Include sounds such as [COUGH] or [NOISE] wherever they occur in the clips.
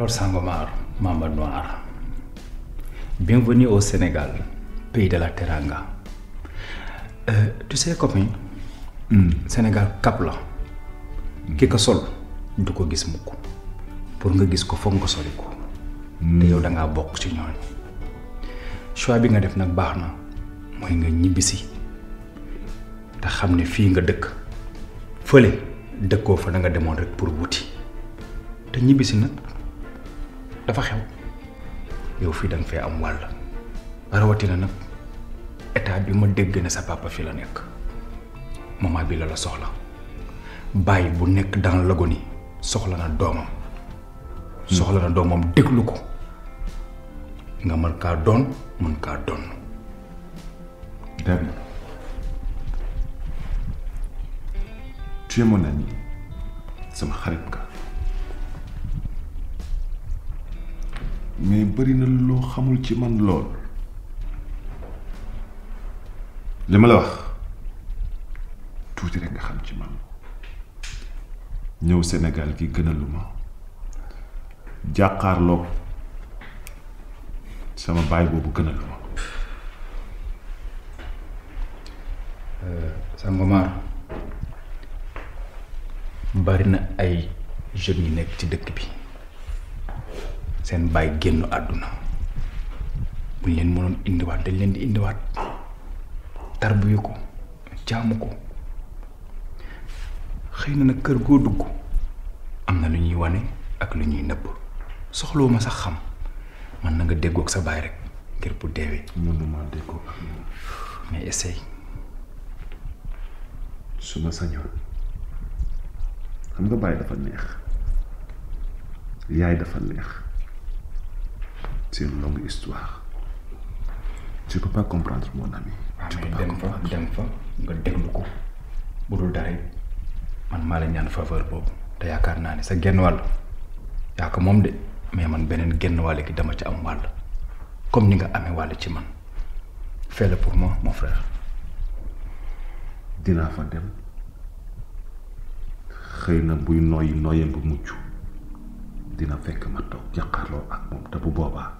alors Sangomar Mamba Noir bienvenue au Sénégal pays de la Teranga euh, tu sais copain mmh. Sénégal cap la ki ko sol du ko gis mukk pour nga gis ko foog nga soli ko te yow da ngaa bokk ci ñooñu choix bi nga def nag baax na mooy nga ñibbisi te xam ne fii nga dëkk fële dëkkoo fa da nga demoon rek pour wuti te ñibbisi nag dafa xew yow fii danga fee am wàll rawatina nag état bi ma dégg ne sa papa fi la nekk maman bi la la soxla bàyyi bu nekk dans l'agonie soxla na doomam soxla na doomam déglu ko nga mën kaa doon mën kaa doon Dame xarit mais bari na loo xamul ci man lool li ma la wax tuuti rek nga xam ci man ñëw Sénégal gi gënaluma jàkkaarloog sama baay boobu gënaluma. Euh, Sangomar bari na ay jeunes yu nekk ci dëkk bi. seen bàyyi génn àdduna bu ñu leen mënoon indiwaat dañ leen di indiwaat tarbiyu ko jaamu ko xëy na nag kër goo dugg am na lu ñuy wane ak lu ñuy nëbb soxloo ma sax xam man na nga déggoog sa baay rek ngir bu deewee. mënuma déggoo ak moom. mais essaye. su ma sañoon xam nga baay dafa neex yaay dafa neex. c'est une longue histoire je peux pas je ah, peux pas comprendre dem fa nga déglu ko bu dul dara man maa la ñaan faveur boobu te yaakaar naa ne sa genn wàll yaa moom de mais man beneen genn wàll ki dama ci am wàll comme ni nga amee wàll ci man fais-le pour moi mon frère. dinaa fa dem xëy na buy nooyi nooyam bu mucc dina fekk ma toog jàkkaarloo ak moom te bu boobaa.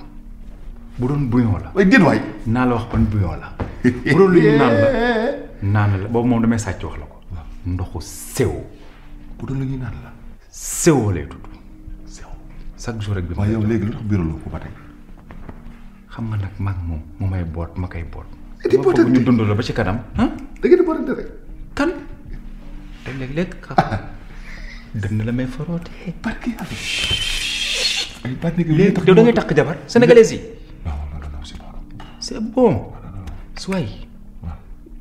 bu doon bouillon la. waaye déet waay. naa la wax ban bouillon la. bu doon lu ñu naan la naan la boobu moom damay sàcc wax la ko. ndoxu sew. bu doon lu ñuy naan la. sewoo lay tudd. sew chaque bi. waaye yow xam nga nag mag moom mu may ma koy ci kanam. da ngeen di la may farootee. barke yàlla. ay da ngay takk jabar sénégalais yi. c'est bon suwaay.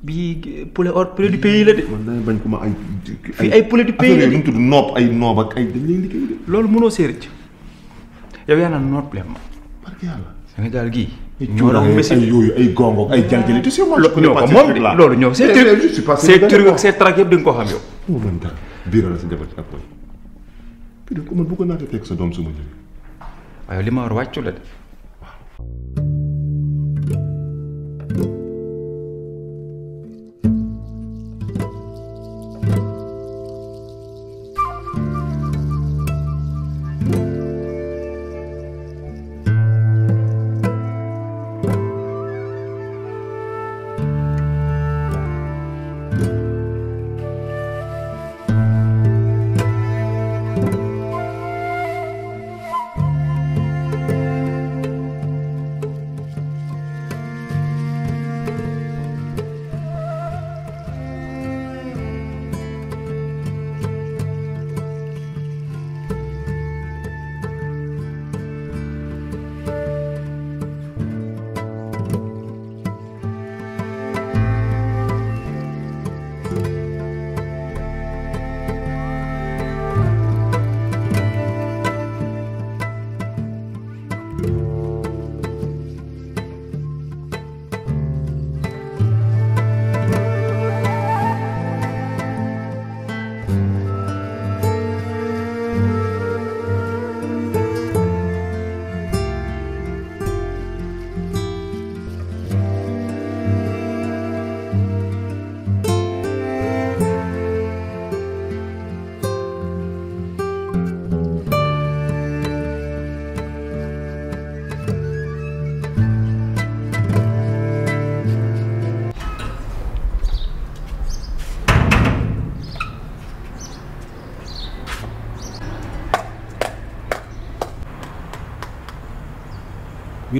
bii poulet hors poulet du pays la de. man danañ bañ ko ma ay. fii ay poulet du pays la de ñu tudd noob ay noob ak ay dañ leen liggéey de. loolu mënoo see rëcc yow yaa naan noob leen ma. barke yàlla. Sénégal gii. ñoo doon messi ay yooyu ay gongo ay jaljali te si moom. ñoo ko moom loolu ñoo c'est eh, truc eh, c'est truc ak c'est trac yëpp di nga ko xam yow. moo mën dara biiral la sa jabar ci ak mooy. bii de ko man bu ko naatee teg sa doom su ma ñëwee. waaye li ma war wàccu la de.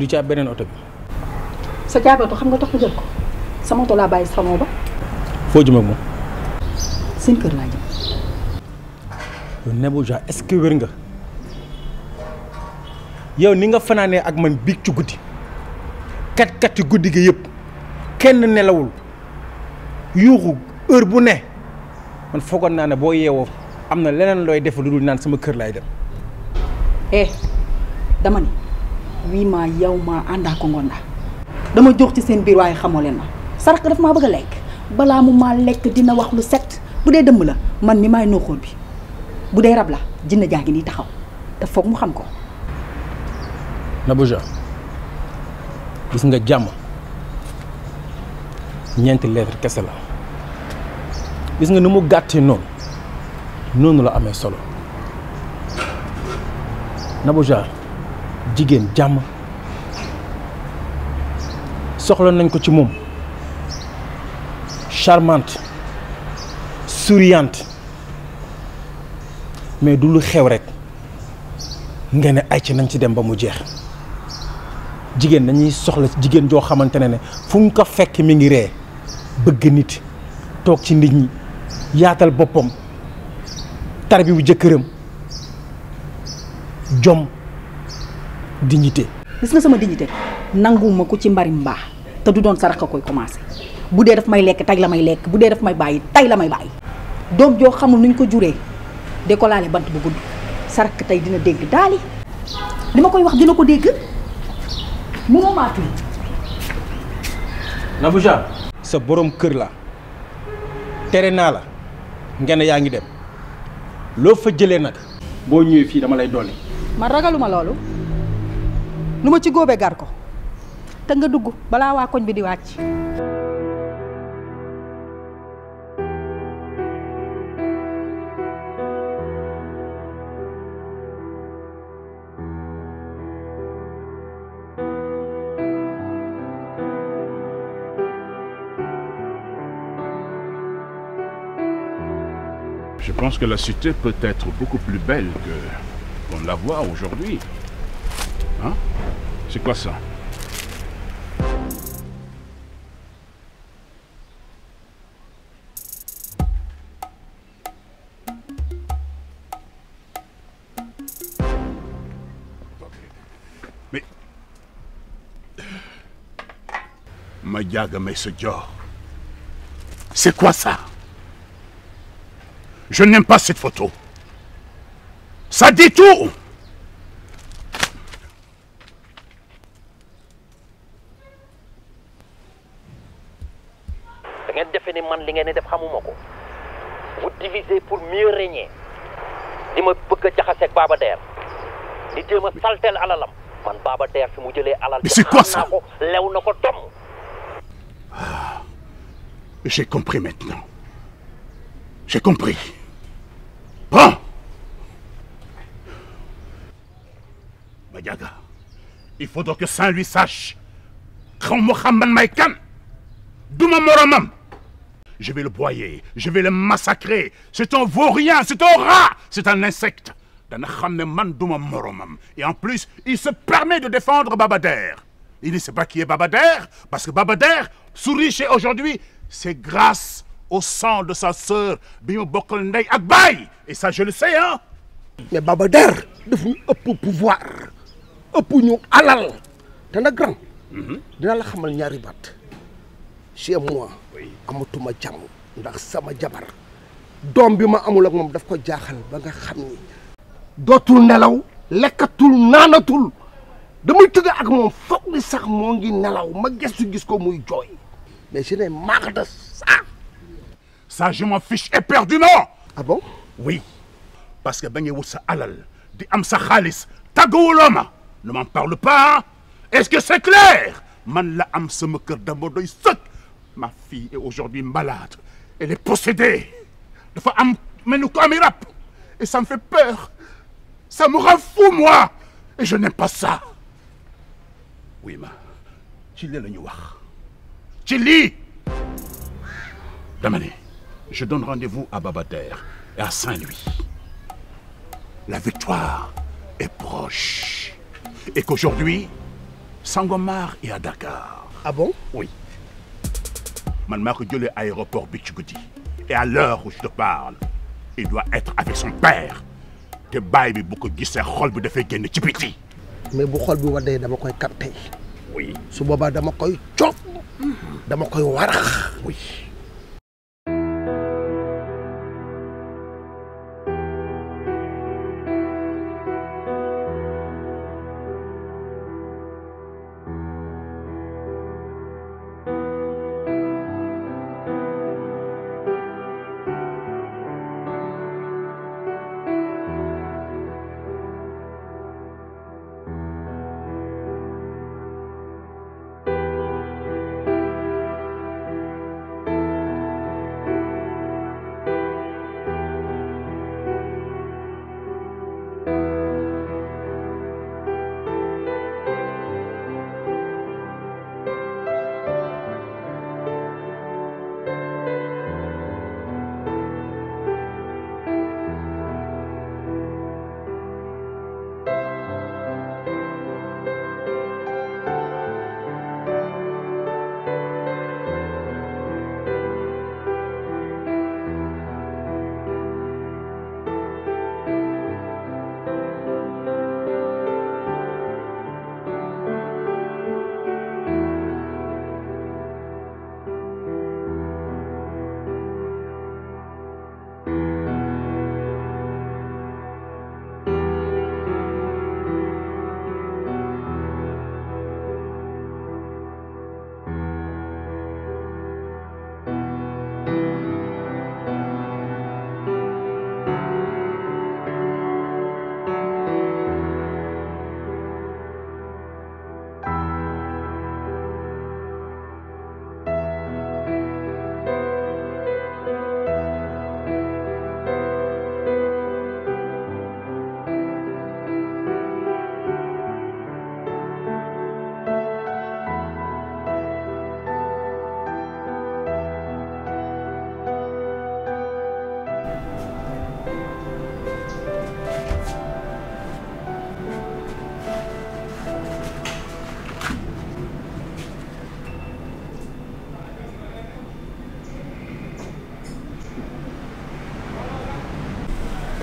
bi du ci ab beneen oto bi. sa jaabatu xam nga tax ma jël ko sama oto laa bàyyi salon ba. foo jëm ak moom. seen kër laa jëm. yow nga yow ni nga fanaanee ak man biig ci guddi kat kati guddi gi yépp kenn nelawul yuuxu heure bu ne man foogoon naa ne boo yeewoo am na leneen looy def lu dul naan sama kër laay dem. eh dama ni wii maa yow maa àndaa ko ngoon dama jox ci seen biir waaye xamoo leen ma sarax daf maa bëgg a lekk balaa mu ma lekk dina wax lu set bu dee dëmm la man mi may nooxóor bi bu dee rab la jinne jaa ngi ni taxaw te foog mu xam ko. Nabouja gis nga jàmm ñeenti lettre kese la gis nga ni mu gàttee noonu noonu la amee solo Nabouja. jigéen jàmm soxla nañ ko ci moom charmante souriante mais du xew rek nga ne ay ci nañ ci dem ba mu jeex jigéen dañuy soxla jigéen joo xamante ne ne fu mu ko fekk mi ngi ree bëgg nit toog ci nit ñi yaatal boppam tarbiwu jëkkëram jom dignité. gis nga sama dignité nanguwuma ko ci mbari mbaa te du doon sarax ka koy commencé bu dee daf may lekk tay la may lekk bu dee daf may bàyyi tay la may bàyyi. doom joo xamul nuñ ko juree de ko laale bant bu gudd sarax ka tey dina dégg daali li ma koy wax dina ko dégg mënoo maa tudd. Nabouja. sa boroom kër la tere naa la ngeen yaa ngi dem loo fa jëlee nag. boo ñëwee fii dama lay dolli. man ragaluma loolu. lu ma ci góobee gar ko te nga dugg balaa waa koñ bi di wàcc Je pense que la cité peut être beaucoup plus belle que qu'on la voit aujourd'hui. Hein C'est quoi ça Je n'aime pas cette photo. Ça détourne li def xamuma ko vous divisez pour mieux régner di ma bëgg a jaxaseeg Baba Der di saltel alalam man Baba Der mu jëlee alal. mais c'est quoi ça lew na ko tom. ah j'ai compris maintenant j'ai compris bon. Madiaga il faut donc que Saint-Louis sache xaw ma xam man may kan duma moromam. Je vais le broyer, je vais le massacrer. C'est un vaurien, c'est un rat, c'est un insecte. dana xam ne man duma moromam et en plus il se permet de défendre Babader. Il ne sait pas qui est Babader parce que Babader sourit chez aujourd'hui, c'est grâce au sang de sa sœur bi mu bokkal ndey ak baay et ça je le sais hein. mais Babader daf ñu pouvoir ëpp ñu alal te nag grand. Mhm. dina la xamal ñaari baat. chez moi amatuma jàmm ndax sama jabar doom bi ma amul ak moom daf ko jaaxal ba nga xam ni dootul nelaw lekkatul naanatul damay tëdd ak moom foog ni sax moo ngi nelaw ma gestu gis ko muy jooy mais je n'ai marre de ça je m'en fiche éperdument ah bon oui parce que ba ngay wut sa alal di am sa xaalis tàggawuloo ma ne m'en parle pas est-ce que c'est clair man la am sama kër dama doy sëkk ma fille est aujourd'hui malade elle est possédée dafa am mel ni ko ami rab et ça me fait peur ça me fou moi et je n'aime pas ça oui ma ci lii la ñu wax ci lii dama ne je donne rendez-vous à Babatère et à Saint-Louis la victoire est proche et qu'aujourd'hui Sangomar est à Dakar ah man maa ko jëlee aéroport bi ci guddi et à l'heure où je te parle il doit être avec son père te baay bi bu ko gisee xol bi defee génn ci biti mais bu xol bi waddee dama koy capter. oui su boobaa dama koy coob mm. dama koy warax oui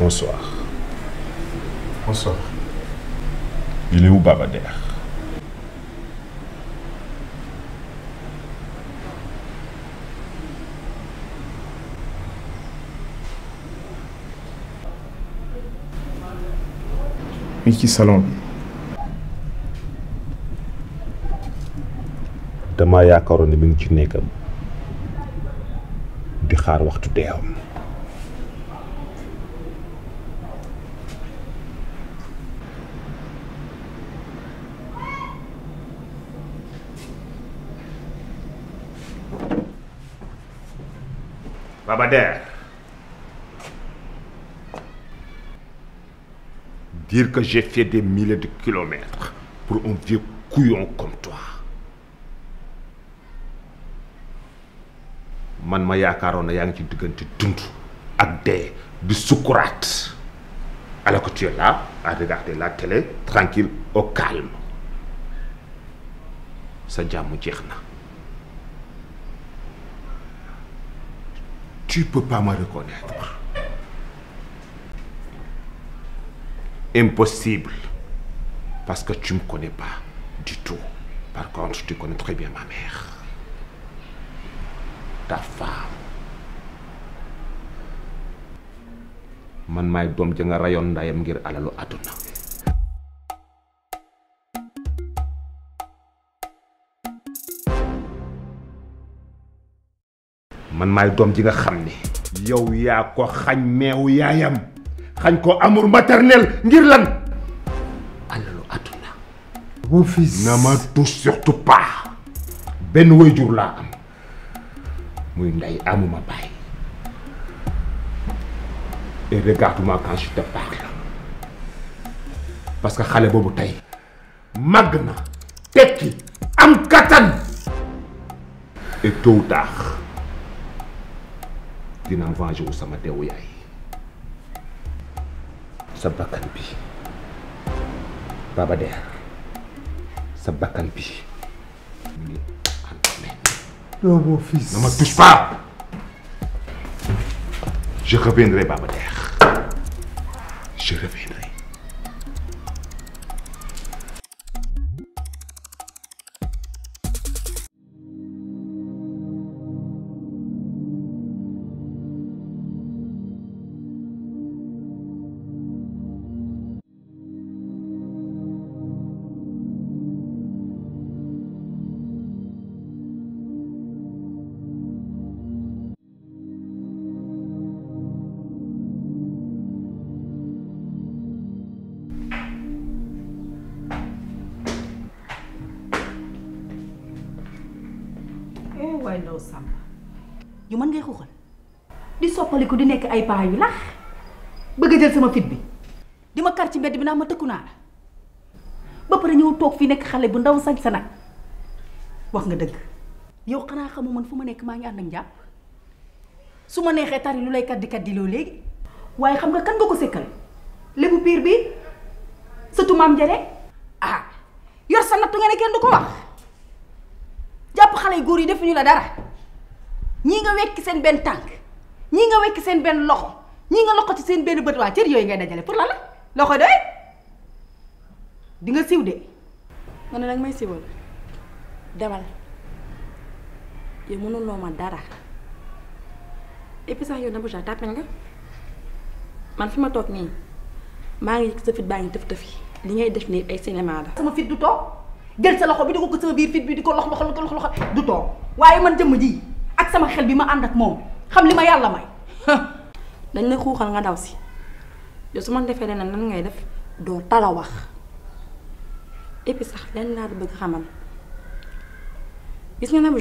Bonsoir. Bonsoir. Il est où ci salon bi. damaa yaakaaroon ne mi ngi ci néegam di xaar waxtu deewam. hebdomadaire. Dire que j'ai fait des man ma yaakaaroon na yaa ngi ci diggante dund ak dee di sukuraat alors que tu es là la télé tranquille au calme sa jàmm jeex na tu peux Impossible. Parce que tu me connais pas du tout. Par contre, tu connais très bien ma mère. Ta man maay doom ja nga rayoon ndayam ngir alalu àdduna man maay doom ji nga xam ni yow yaa ko xañ meewu yaayam xañ ko amour maternel ngir lan alalu àdduna boo fi na ma touche surtout pas benn waajur laa am muy ndey amuma bàyyi et regarde-moi te parle parce que xale boobu tey màgg na tekki am kattan et tôt dinaa venger wu sama deewu yaay sa bakkan bi Baba Der sa bakkan bi mu ngi entamé. non mon fils. ne me touche pas Baba Der je reviendrai. yow Samba yu mën ngay xuxal di soppaliku di nekk ay paa yu lax bëgg a jël sama fit bi di ma kar ci mbedd bi naa ma tëkku naa la ba pare ñëw toog fii nekk xale bu ndaw sañ sa nag wax nga dëgg yow xanaa xamu man fu ma nekk maa ngi ànd ak njàpp su ma neexee tari lu lay kaddi kaddi léegi waaye xam nga kan nga ko sekkal lemu biir bi sëtu maam jare ah yor sa nattu nga kenn du ko wax jàpp xale yu góor yi defuñu la dara ñii nga wekki seen benn tànk ñii nga wekki seen benn loxo ñii nga loxo ci seen benn bët waa cër yooyu ngay dajale pour lan la loo koy doy di nga siw de. ma ne nag may siwal demal yow loo ma dara et puis sax yow Nabou Jaa tàppe nga man fi ma toog nii maa ngi sa fit baa ngi tëf tëfi li ngay def nii ay cinéma la. sama fit du toog jël sa loxo bi di ko ko sama biir fit bi di ko loxo loxo loxo du toog waaye man jëmm di sama xel bi ma ànd ak moom xam li ma yàlla may. [LAUGHS] dañ la xuuxal nga daw si yow su ma defee leneen nan ngay def doo tala wax et puis sax lenn laa bëgg xamal gis nga Nabou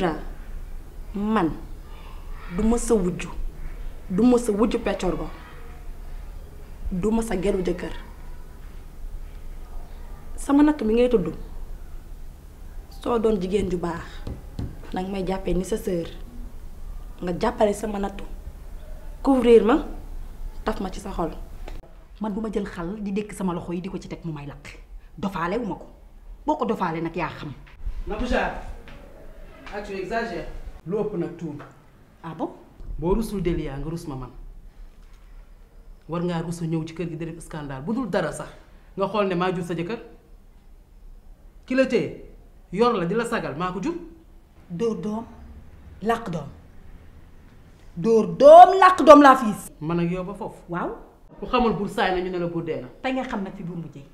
man du ma sa wujju du ma sa wujju peccor du ma sa geru jëkkër sama natt bi ngay tudd soo doon jigéen ju baax nag may jàppee ni sa sœur. nga jàppale sama nattu couvrir ma taf ma ci sa xol. man bu ma jël xal di dékk sama loxo yi di ko ci teg mu may lakk dofaale wu ma ko boo ko dofaale nag yaa xam. Naboucha ah tu exagères. lu ëpp nag tuur. ah bon. boo rusul Delia nga rus ma man war ngaa sa ñëw ci kër gi di scandale bu dul dara sax nga xool ne maa jur sa jëkkër ki la téye yor la di la sagal maa ko jur. doo doom làq doom. dóor doom làq doom laa fiis man ak yow ba foofu waaw ku xamul buur saay na ñu ne la buur dee na te nga xam nag fi buur mujjee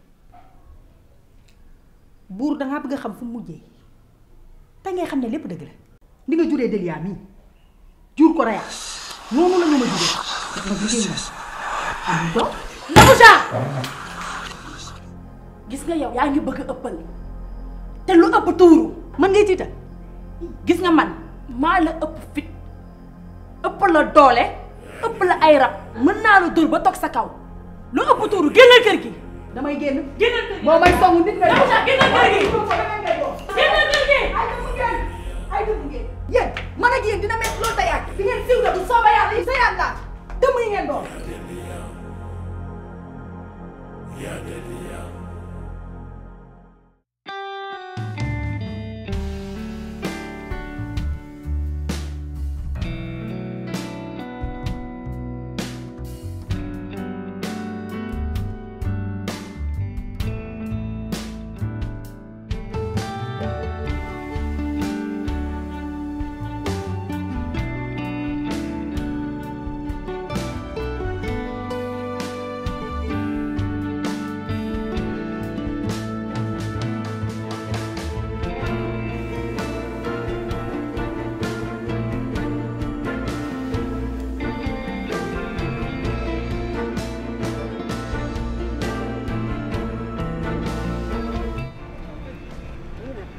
buur dangaa bëgg a xam fu mujjee te nga xam ne lépp dëgg la ni nga juree Delia mii jur ko rayaa noonu la ma juree daf ma jigéen ñi gis nga yow ngi bëgg a ëppal lu ëpp tiita gis nga man maa la ëpp fit ëpp la doole ëpp la ay rab mën naa la dóor ba toog sa kaw lu ëpp tuuru génnal kër gi damay génn génnal kër gi boo may song nit nga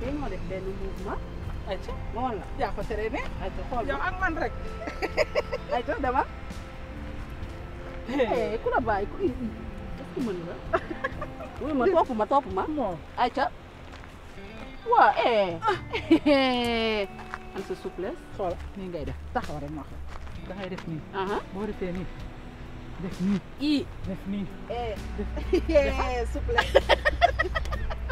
fii moo def benn mouvement. ayca moom la yaa ko seree ayca xool yow ak man rek. ayca dama. Eh, ku la bàyyi ku ku mën nga. wuy [LAUGHS] ma topp ma eh. [LAUGHS] ngay def taxaw rek ma wax da ngay def nii. boo defee nii. def nii. i def eh. [LAUGHS]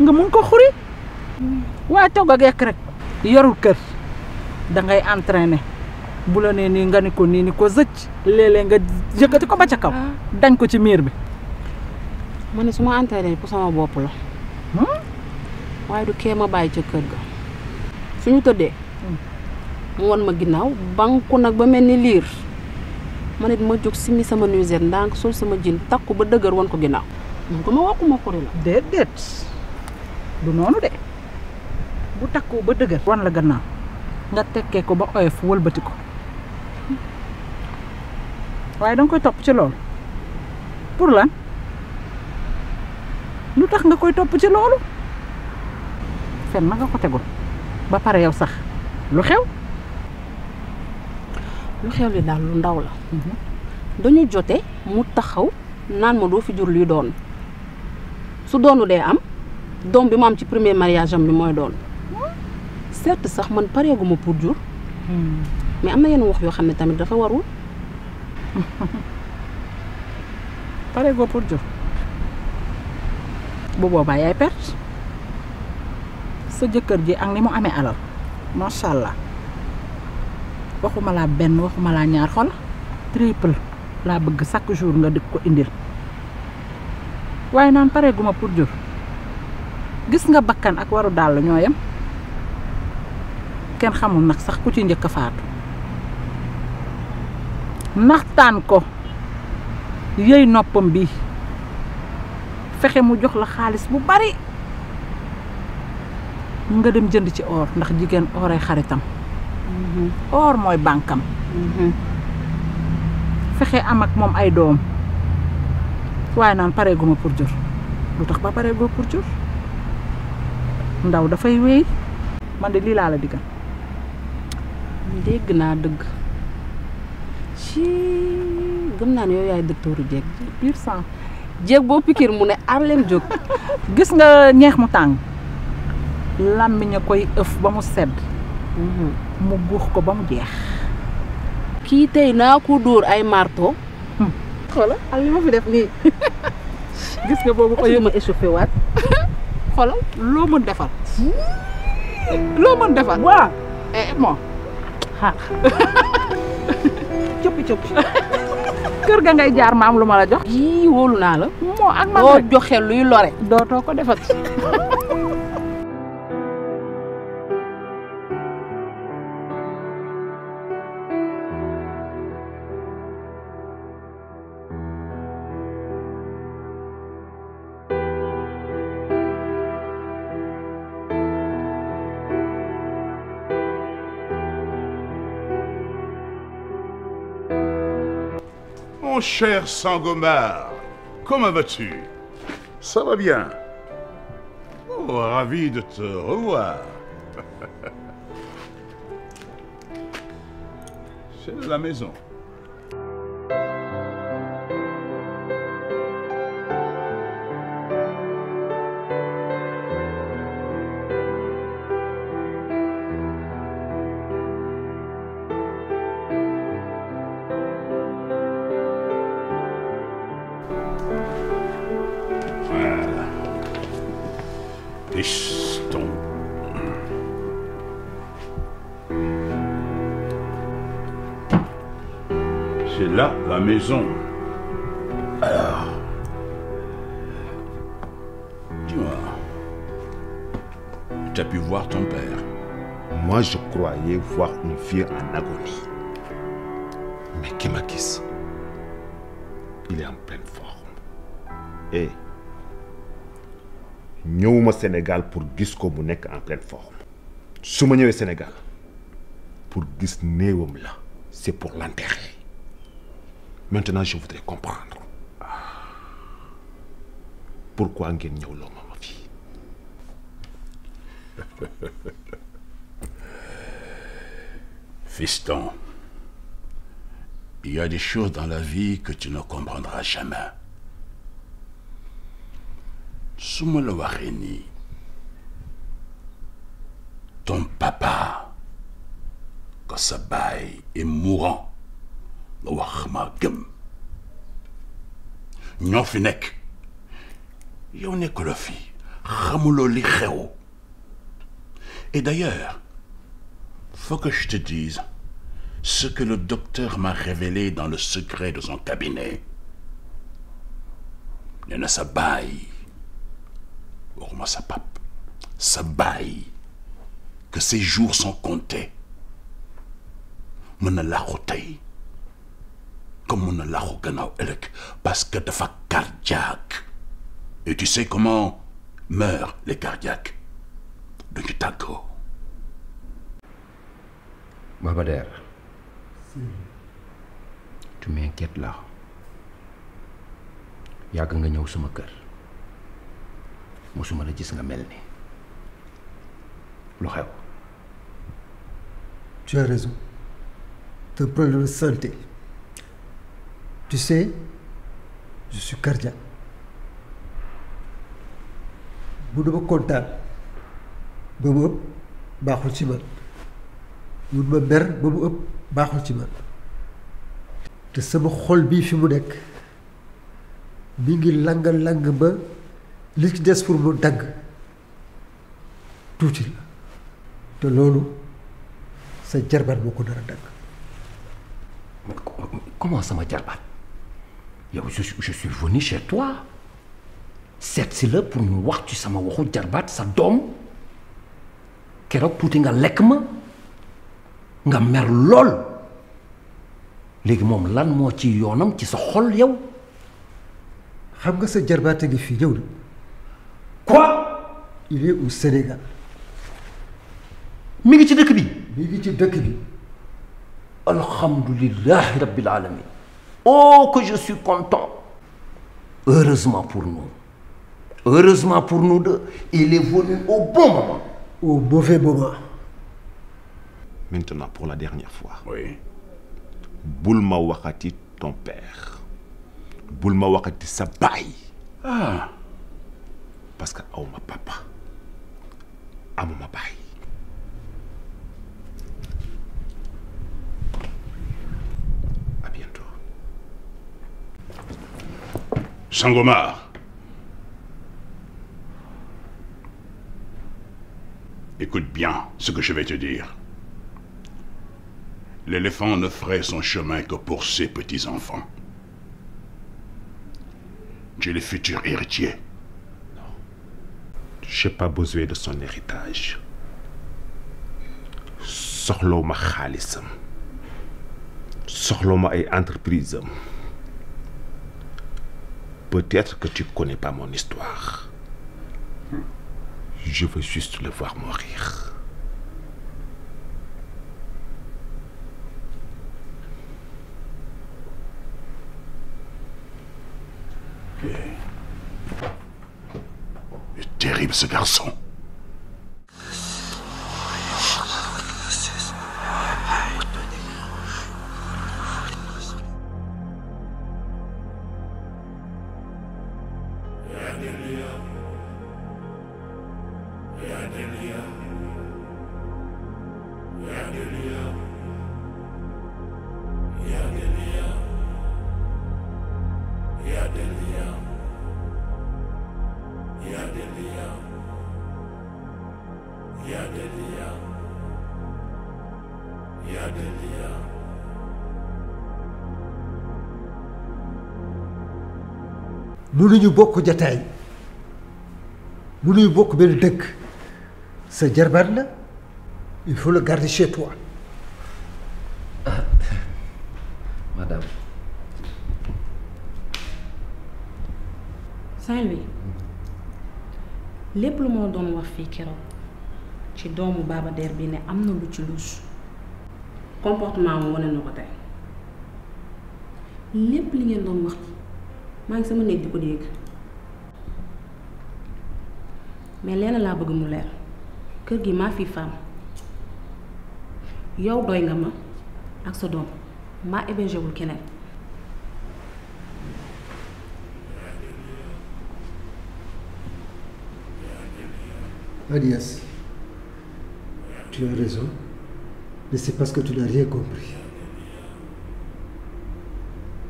nga mun ko xuri waaye togg ak yekk rek yorul kër da ngay entraîner bu la nee nii nga ni ko nii ni ko zëcc léeg-léeg nga yëkkati ko ba ca kaw ah. dañ ko ci miir bi ma ne su ma entraîner pour sama bopp la hmm? waaye du kee ma bàyyi ca kër ga suñu tëddee hmm. mu won ma ginnaaw banku nag ba mel ni liir ma nit ma jóg simi sama nuisette ndànk sol sama jin takku ba dëgër won ko ginnaaw man ko ma wokku ma xuri la déedéet du noonu de bu takkoo ba dëgër wan la gannaaw nga tekkee ko ba oyof wëlbati ko waaye danga koy topp ci loolu pour lan lu tax nga koy topp ci loolu fen na nga ko tegul ba pare yow sax lu xew lu xew li daal lu ndaw la mhm. dañu jote mu taxaw naan ma doo fi jur luy doon su doonu dee am doom bi ma am ci premier mariage am bi mooy doon certes sax man ma pour jur hmm. mais am na yenn wax yoo xam ne tamit dafa warul [LAUGHS] pareegoo pour jur bu boobaa yaay per sa jëkkër ji ak ni mu amee alal macha allah waxuma laa benn waxuma laa ñaar xol triple laa bëgg chaque jour nga di ko indil waaye naan pareeguma pour jur gis nga bakkan ak waru dàll ñoo yem kenn xamul nag sax ku ci njëkk faatu naxtaan ko yëy noppam bi fexe mu jox la xaalis bu bari nga dem jënd ci or ndax jigéen oray xaritam mm-hmm. or mooy bànkam mm-hmm. fexe am ak moom ay doom waaye naan pareeguma pour jur lu tax ba pareeguma pour jur ndaw dafay wéy man de lii laa la diggal dégg naa dëgg ci gëm naa ne yow yaay docteuru jéeg pur sang boo pikiir mu ne arlem jóg [LAUGHS] gis nga ñeex mu tàng làmmiñ a koy ëf ba mu sedd mhm. mu guux ko ba mu jeex kii tey naa ko dóor ay marto hmm. xoola ak li fi def nii [LAUGHS] gis nga boobu ko yëma échauffé waat [LAUGHS] xoolal loo mën defar. loo mën defar. waaw eh, eh moom. ah. [LAUGHS] coppi kër ga ngay jaar maam lu ma la jox. yii wóolu naa la. moo ak man rek boo joxe luy lore. dootoo ko defar. [LAUGHS] Mon cher Sangomar, comment vas-tu Ça va bien. Oh, ravi de te revoir. [LAUGHS] C'est de la maison. maison. Alors, dis-moi, voir ton père Moi, je croyais voir une fille en agonie. Mais Kemakis, il est en pleine forme. Et eh, ñëwuma Sénégal pour gis ko mu nekk en pleine forme. su ma ñëwee Sénégal pour gis néewam la c'est pour l'enterrer. maintenant je voudrais comprendre pourquoi ngeen ñëw loo ma ma [LAUGHS] il y a des choses dans la vie que tu ne comprendras jamais su ma la waxee ton papa que sa est mourant wax ma fi nekk yow nekkuloo fi xamuloo li xew et d'ailleurs faut que je te dise ce que le docteur m'a révélé dans le secret de son cabinet nee na sa baay waxuma sa pap sa baay que ses jours sont comptés mën na laaxu tey que mën a laaxu gannaaw ëllëg parce que dafa cardiaque et tu sais comment meurent les cardiaques duñu tàggoo. Babader. si. tu m'inquiètes là yàgg nga ñëw sama kër mosuma la gis nga mel ni lu xew. tu sais je suis cardiaque bu duma kontaan ba mu ëpp baaxul ci man bu duma mer ba mu ëpp baaxul ci man te sama xol bii fi mu nekk mi ngi langa-lang ba li ci des pour mu dagg tuuti la te loolu sa jarbaat moo ko nar dagg sama jarbaat yow je je suis venu chez toi seet si la pour ñu wax ci sama waxu jarbaat sa doom keroog tuuti nga lekk ma nga mer lool léegi moom lan moo ci yoonam ci sa xol yow. xam nga sa jarbaate gi fii ñëw na. quoi. il est au Sénégal. ngi ci dëkk bi. mi ngi ci dëkk bi. alhamdulilah rabbil alamin Oh, que je suis content. Heureusement pour nous. Heureusement pour nous deux, il est venu au bon moment. Au mauvais moment. Maintenant, pour la dernière fois. Oui. Boulma Wakati, ton père. ma Wakati, sa baille. Ah. Parce que, oh, ma papa. Ah, ma baille. Sangomar. Écoute bien ce que je vais te dire. L'éléphant ne ferait son chemin que pour ses petits-enfants. Tu es le futur héritier. Non. J'ai pas besoin de son héritage. soxlawuma xaalisam soxlawuma ay entreprise am Peut-être que tu connais pas mon histoire. Je veux juste le voir mourir. Okay. terrible ce garçon. bokk jataay mënuñu bokk benn il faut le garder [LAUGHS] lépp lu moo doon wax fii keroog ci doomu baaba bi ne am na lu ci luus comportement mu wane na ko tey lépp li ngeen doon wax. maa ngi sama néeg di ko dégg mais lenn laa bëgg mu leer kër gi maa fi femme yow doy nga ma ak sa doom maa hébergé wul keneen Alias, tu as raison, mais c'est parce que tu n'as rien compris.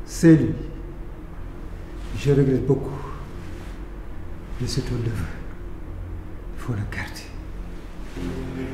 C'est Je regrette beaucoup de ce tour de feu. Il faut le garder.